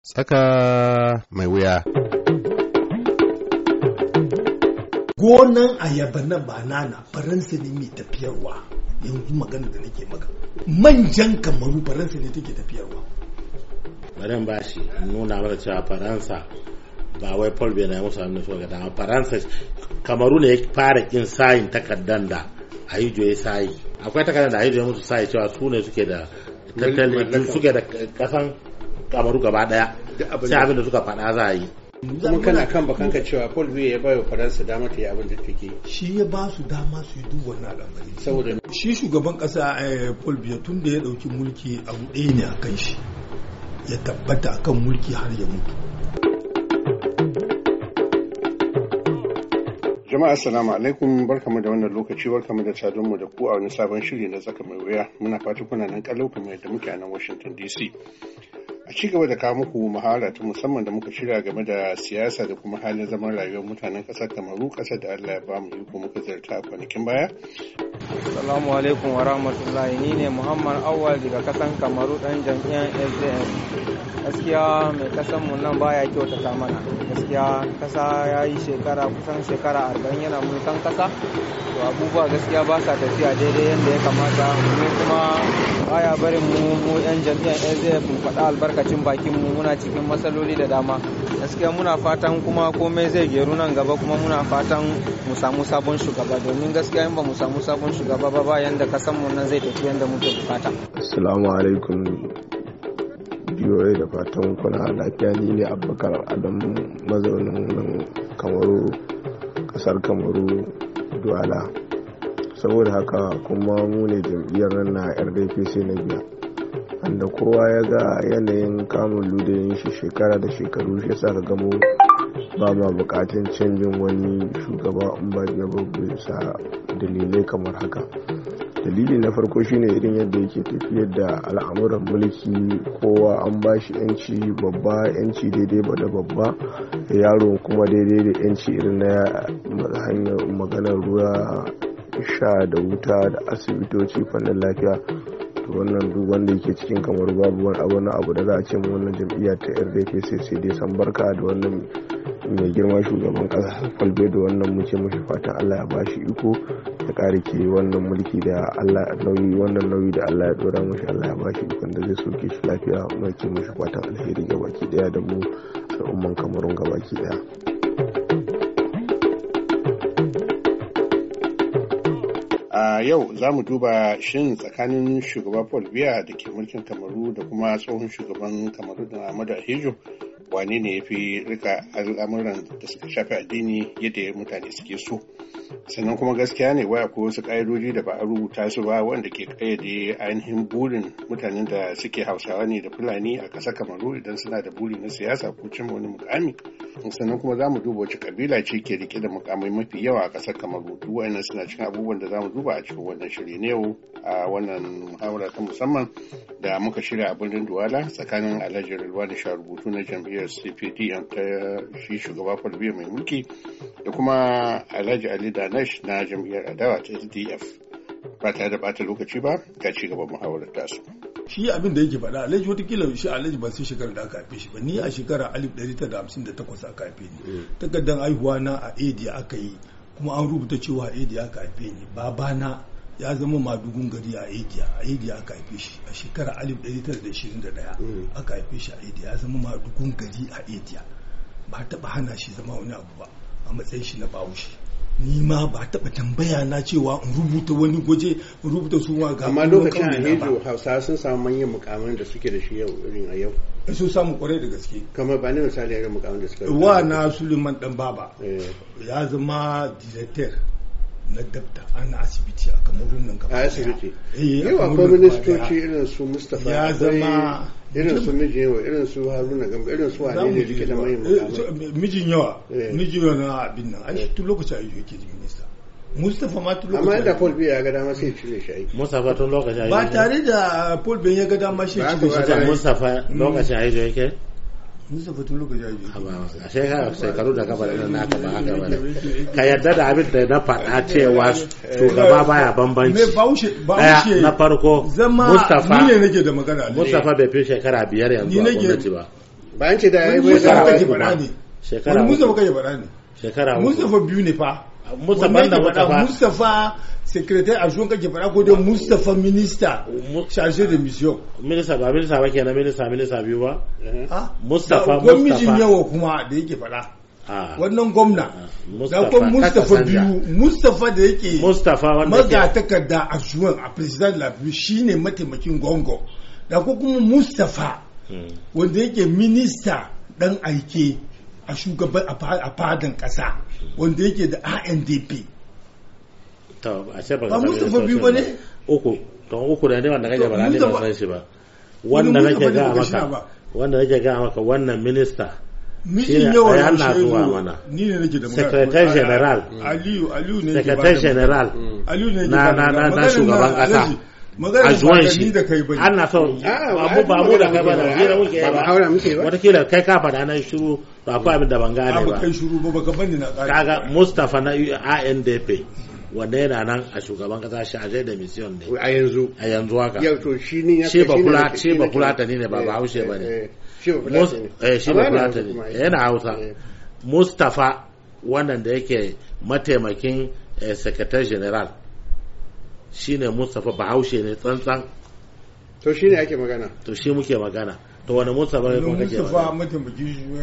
Saka mai wuya. Gonan ayaba nan ba nana faransa ne mai tafiyarwa yanzu magana da nake maka. Manjan kamaru faransa ne take tafiyarwa. Barin ba shi nuna mata cewa faransa ba wai Paul bai na musu abin da suka gada faransa kamaru ne ya fara kin sayin takardar da Ayijo ya sayi. Akwai takardar da Ayijo ya musu sayi cewa su ne suke da tattalin suke da kasan kamaru gaba daya sai abin da suka faɗa za a yi kuma kana kan bakanka cewa Paul Biya ya bayo Faransa dama ta yi abin da take shi ya ba su dama su yi duk wannan al'amari saboda shi shugaban kasa eh, Paul Biya tun da ya dauki mulki a ɗaya ne a kan shi ya tabbata akan mulki har ya mutu jama'a assalamu alaikum barkamu da wannan lokaci barkamu da mu da ku a wani sabon shiri na tsaka mai wuya muna fata kuna nan kalau kamar yadda muke a nan Washington DC a ci gaba da kawo muku mahala ta musamman da muka shirya game da siyasa da kuma halin zaman rayuwar mutanen kasar kamaru kasar da allah ya bamu iko muka zarta a kwanakin baya assalamu alaikum wa rahmatullahi ni ne muhammad awal daga kasan kamaru dan jam'iyyar sdn gaskiya mai kasan mu nan baya kyautata mana gaskiya kasa ya yi shekara kusan shekara arba'in yana mulkan kasa to abubuwa gaskiya ba sa tafiya daidai yadda ya kamata mu kuma baya barin mu mu yan jam'iyyar sdn mu faɗa albarka lokacin bakin mu muna cikin matsaloli da dama gaskiya muna fatan kuma komai zai geru nan gaba kuma muna fatan mu samu sabon shugaba domin gaskiya in ba mu samu sabon shugaba ba ba yanda kasan mu nan zai tafi yanda muke bukata assalamu alaikum biyoyi da fatan kuna lafiya ni ne abubakar adam mazaunin nan kamaru kasar kamaru duwala saboda haka kuma mu ne jam'iyyar nan na rdpc na biya wanda kowa ya ga yanayin kamun ludayin shi shekara da shekaru shi sa ka gamo ba ma bukatun canjin wani shugaba in ba ya sa dalilai kamar haka dalili na farko shine irin yadda yake tafiyar da al'amuran mulki kowa an ba shi yanci babba yanci daidai ba da babba yaro kuma daidai da yanci irin na hanyar maganar ruwa sha da wuta da asibitoci fannin lafiya to wannan duk wanda yake cikin kamar babu ruwan abu da za a ce mu wannan jam'iyyar ta rdp sai dai san barka da wannan mai girma shugaban kasa falbe da wannan muke mashi fatan allah ya bashi iko ya kare ke wannan mulki da allah nauyi wannan nauyi da allah ya dora mashi allah ya bashi iko da zai soke shi lafiya muke mashi fatan alheri baki daya da mu al'umman kamarun ga baki daya a yau za mu duba shin tsakanin shugaba paul biya da ke mulkin kamaru da kuma tsohon shugaban kamaru da Amadu ahijo wane ne ya fi rika al'amuran da suka shafi addini yadda mutane suke so sannan kuma gaskiya ne waya ko wasu ƙa'idoji da ba a rubuta su ba wanda ke ƙayyade ainihin burin mutanen da suke hausawa ne da fulani a ƙasar kamaru idan suna da buri na siyasa ko cin wani mukami sannan kuma za mu duba wace kabila ce ke rike da mukamai mafi yawa a ƙasar kamaru duk wa'annan suna cikin abubuwan da za mu duba a cikin wannan shiri ne yau a wannan muhawara ta musamman da muka shirya a birnin duwala tsakanin alhaji sha rubutu na jam'iyyar cpd ta shi shugaba kwalbiya mai mulki da kuma alhaji ali Ganesh na jam'iyyar adawa ta SDF. Ba tare da bata lokaci ba ga ci gaban muhawarar tasu. Shi abin da yake faɗa alhaji watakila shi alhaji ba sai shekarar da aka haife shi ba ni a shekara 1958 aka haife ni eh. takardar haihuwa na a Edi aka yi kuma an rubuta cewa a Edi aka haife ni babana ya zama madugun gari a Ediya a Ediya aka haife shi a shekara 1921 eh. aka haife shi a Ediya ya zama madugun gari a Ediya ba taɓa hana shi zama wani abu ba a matsayin shi na bawushi ni ma ba taɓa tambaya na cewa in rubuta wani gwaje in rubuta ma ga amma lokacin a hejo hausa sun samu manyan mukamin da suke da shi yau irin a yau eh, sun samu kwarai da gaske kamar ba ne misali irin mukamin da suka wa na suleiman dan baba eh. ya zama director na dabta ana asibiti a kamarun nan gaba a asibiti eh, yau akwai ministoci irin su mustapha ya zama irin su mijin yawa irin su haruna gamba irin su wane ne rike da mai mijin yawa eh. mijin yawa na abin nan a shi tun lokacin ayyuka yake jin minista mustapha ma tun lokacin amma yadda paul biya ya ga dama sai cire shi aiki mustapha tun lokacin ayyuka ba tare da paul biya ya ga dama sai cire shi hmm. aiki mustapha lokacin ayyuka yake nisa batun lokaci a jiki a shekara shekaru da gaba da naka ba haka ba ka yadda da abin da na faɗa cewa shugaba baya bambanci ɗaya na farko mustafa ni ne nake da magana mustafa bai fi shekara biyar yanzu a gwamnati ba bayan ce da ya yi bai shekara shekara mustafa biyu ne fa Mustafa na Mustafa Mustafa secrétaire a shun kake fara ko dai Mustafa minister chargé de mission minister ba minista ba kenan minister minister biyu ba Mustafa eh? ah, Mustafa gwamnatin yawa kuma da yake fara ah. wannan gwamna zakon ah, mustapha biyu mustapha da yake magatakarda a shuwan a president lafi shi ne mataimakin gongo da ko kuma mustapha hmm. wanda yake minista dan aike a shugaban a fadan kasa wanda yake da ANDP ba Mustapha biyu ba ne uku don uku da ne da kake ba ne ba san shi ba wanda nake ga maka nake ga maka wannan minista mijin yawan ya na zuwa mana ni ne nake da secretary general aliyu aliyu ne secretary general aliyu ne na na na shugaban kasa ni a zuwan shi ana son abu ah, ba mu da kai ba da jira muke ba aure muke ba watakila kai ka faɗa na shiru to akwai abin da ban gane ah, ba kai shiru ba baka bani na kaga Mustafa na ANDP wanda yana nan a shugaban kasa shi a da mission ne a yanzu a yanzu haka yau to shi ne shi ba kula shi ba kula ta ne ba ba haushe ba ne eh, eh, shi ba kula ta ne yana hausa eh. Mustafa wannan da yake mataimakin secretary general shine Mustapha Bahaushe ne tsantsan to shine ake magana to shi muke magana to wani Mustapha ne kuma kake Mustapha mataimakin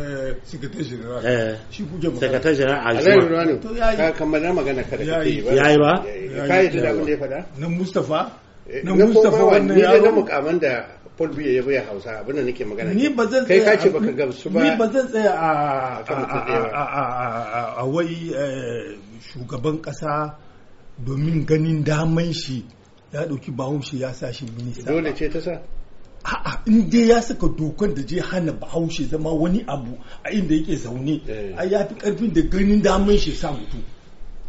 eh, sakatar shari'a eh, shi kuke magana sakatar a ah, shi to yayi kamar magana kada ka yi ba Ya yi ba K'a da abin da ya na Mustapha eh, na Mustapha wannan yaro na mukaman da Paul Biya ya buya Hausa abinda nake magana ni ba zan kai ka ce gamsu ba ni ba zan tsaya a a a a wai shugaban kasa domin ganin daman shi ya ɗauki bahaushe ya sa shi minista dole ce ta sa a'a in dai ya saka dokan da je hana bahaushe zama wani abu a inda yake zaune eh. a ya fi karfin da ganin daman shi sa mutu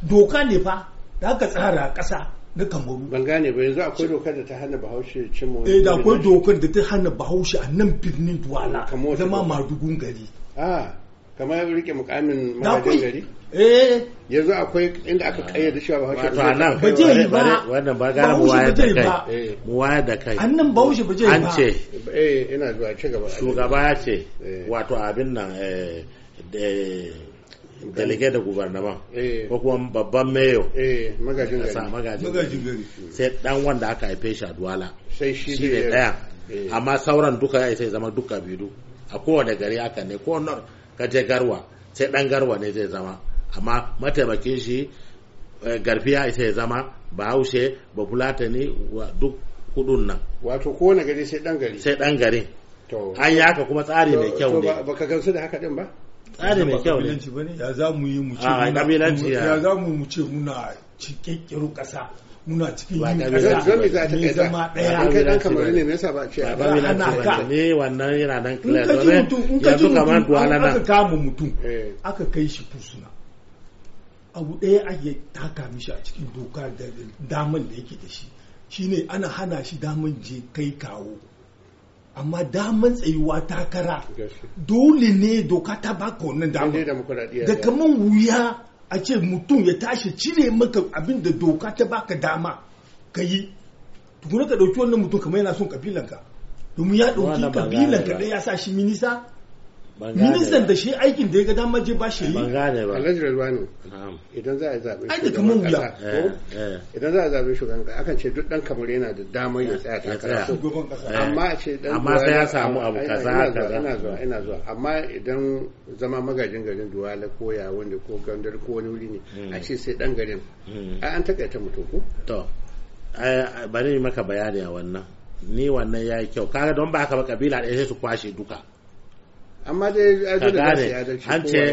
doka ne fa da aka tsara a ƙasa na kamaru ban gane ba yanzu akwai dokar da ta hana bahaushe cimo. eh da akwai dokar da ta hana bahaushe a nan birnin duwala zama madugun gari ah. kamar rike mukamin magajin gari eh yanzu akwai inda aka kayyade shi ba haka to anan ba je yi ba wannan ba ga mu waya eh. da kai mu waya da kai annan ba wuce ba je ba an ce eh ina zuwa ci gaba shugaba ya ce eh. wato abin nan eh delegate da gubernaman eh. ko kuma babban mayo magajin gari sai dan wanda aka haife shi a duwala sai shi ne daya amma sauran duka ya sai zama duka biyu a kowane gari aka ne ko ka je garwa sai dan garwa ne zai zama amma mataimakin shi eh, garfiya ita ya zama ba ba haushe bahaushe wa duk kudun nan wato wani gari sai dan gari sai dan garin an yi haka kuma tsari mai kyau ne ba ka gansu da haka din ba tsari mai kyau ne ya za mu yi mu ce muna kirkiru ƙasa muna cikin yi zama ɗaya kai dan kamar ne me ba ce ba na ka ne wannan yana nan clear ya zo kamar duwala na aka kama mutum eh. aka kai shi fursuna abu ɗaya ta taka mishi a cikin doka da damar da yake da shi shine ana hana shi damar je kai kawo amma damar tsayuwa takara dole ne doka ta baka wannan damar da kaman wuya a ce mutum ya tashi cire maka abin da doka ta baka dama ka yi tukuna ka ɗauki wannan mutum kamar yana son kabilanka domin ya ɗauki kabilanka ɗaya ya sa shi minisa ministan da shi aikin da ya ga damar je ba shi yi ban ba alhaji rilwano idan za a zaɓe ai da kamar wuya eh, eh. idan za a zaɓe shugaban kasa akan ce duk dan kamar yana da damar ya tsaya takara shugaban kasa eh. amma a ce dan amma sai ya samu abu kaza haka ina zuwa ina zuwa amma idan zama magajin garin duwala ko ya wanda ko gandar ko wani wuri ne hmm. a ce sai dan garin hmm. ai an takaita mutum ko to bari maka bayani a wannan ni wannan ya yi kyau kaga don ba ka ba kabila ɗaya sai su kwashe duka amma dai ai ce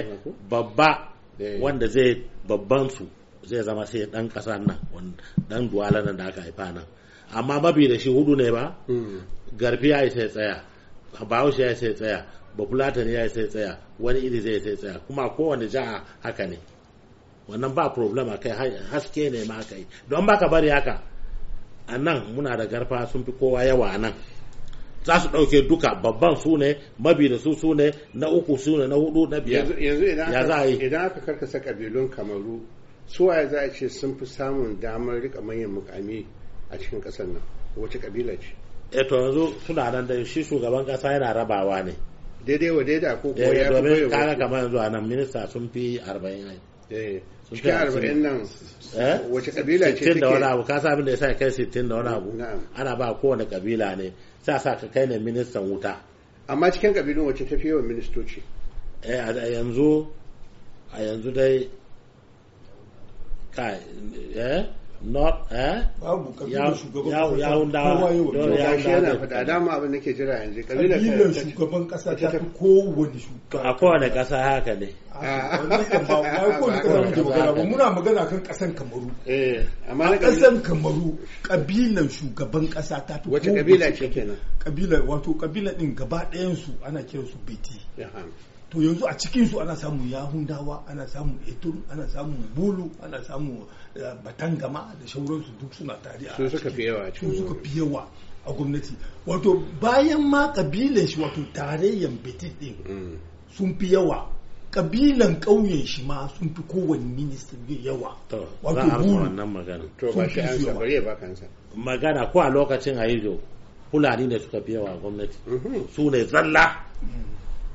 babba eh. wanda zai babban su zai zama sai dan kasar nan dan duwala nan da aka haifa nan amma mabi da shi hudu ne ba hmm. Garbi ya sai tsaya bahaushe ya sai tsaya bafulatani ya sai tsaya wani iri zai sai tsaya kuma kowane jiha haka ne wannan ba problem kai haske ne ma kai don baka bari haka a nan muna da garfa sun fi kowa yawa a nan za su ɗauke duka babban su ne mabi da su su ne na uku su ne na hudu na biyar ya za a yi idan aka karkasa kabilun kamaru suwaye za a ce sun fi samun damar rika manyan mukami a cikin ƙasar nan wace kabila ce eto eh, yanzu suna nan da shi shugaban kasa yana rabawa ne daidai wa daidai ko ko eh, ya fi domin kaga kamar yanzu a nan minista sun fi arba'in ne cikin arba'in nan eh? wace kabila ce take da wani abu ka sa abin da ya sa kai sittin da wani abu ana ba kowane kabila ne sai sa ka kai ne ministan wuta amma cikin kabilun wace tafi yawan ministoci eh, a yanzu a yanzu dai kai eh not eh yawon dawa shugaban ya shi yana faɗa dama abin ke jira yanzu kabilar shugaban kasa ta fi kowane shugaba a kowane kasa haka ne muna magana kan kasan kamaru eh, a kasan kamaru kabilan shugaban kasa ta fi wace kabila ce kenan kabila wato kabila din gaba ɗayan su ana kiransu beti to yanzu a cikinsu su ana samun yahundawa ana samun etun ana samun bulu ana samun batangama da shauransu duk suna tare a suka fi yawa su suka fi yawa a gwamnati wato bayan ma kabilan shi wato tarayyan betis din mm. sun fi yawa kabilan ƙauyen shi ma sun fi kowane ministan yawa wato buru sun fi yawa magana ko a lokacin haizo fulani da suka fi yawa a gwamnati mm-hmm. su ne zalla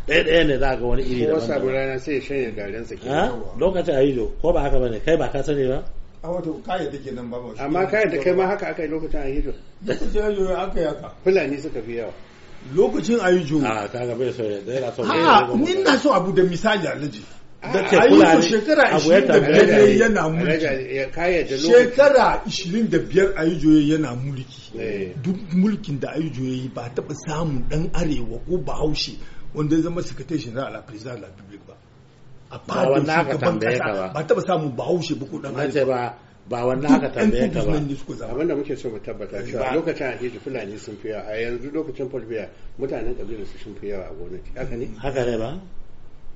ɗaya ɗaya ne za ga wani iri da wani rana sai ya shanya garin sa lokacin haizo ko ba haka bane kai ba ka sani ba a wato kayan da ke nan ba ba amma kayan da kai ma haka aka yi lokacin ayyujo lokacin ayyujo aka yi haka fulani suka fi yawa lokacin ayyujo a gaba ya so da yana so ha ni na so abu da misali alaji da ke fulani shekara 25 yana mulki shekara 25 ayyujo yana mulki eh. duk mulkin da ayyujo yi ba taba samun dan arewa ko bahaushe wanda ya zama secretary general a president of la republic ba a fadin shugaban kasa ba taba samun bahaushe ba kudan arewa ba ba wannan haka tambaye ka ba abin da muke so mu tabbata eh, cewa lokacin alheri fulani sun fi yawa a yanzu lokacin fulbiya mutanen kabilar su sun fi yawa a gwamnati haka ne haka ne ba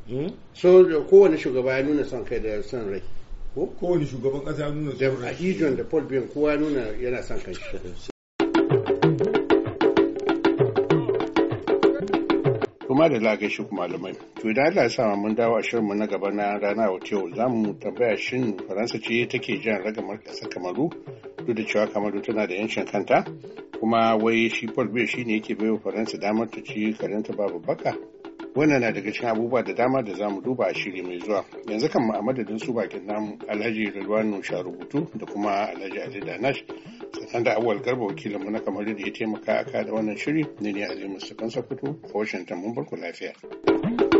hmm? so kowane shugaba ya nuna son kai da son rai kowane shugaban kasa ya nuna son rai a ijon da fulbiyan kowa nuna yana son kai kuma da lagashi malamai to idan Allah ya sa mun dawo a shirinmu na gaba na rana wa yau za mu tambaya shin faransa ce take jan ragamar ƙasar kamaru duk da cewa kamaru tana da yancin kanta kuma wai shi paul biya shine yake baiwa faransa damar ta ci karanta babu baka wannan na daga cikin abubuwa da dama da zamu duba a shiri mai zuwa yanzu kan a madadin su bakin namu alhaji rilwanu sharubutu da kuma alhaji ali danash sannan da awal garba wakilinmu na kamar da ya taimaka aka da wannan shiri ne ne a su kan sakuto a washington mun ku lafiya.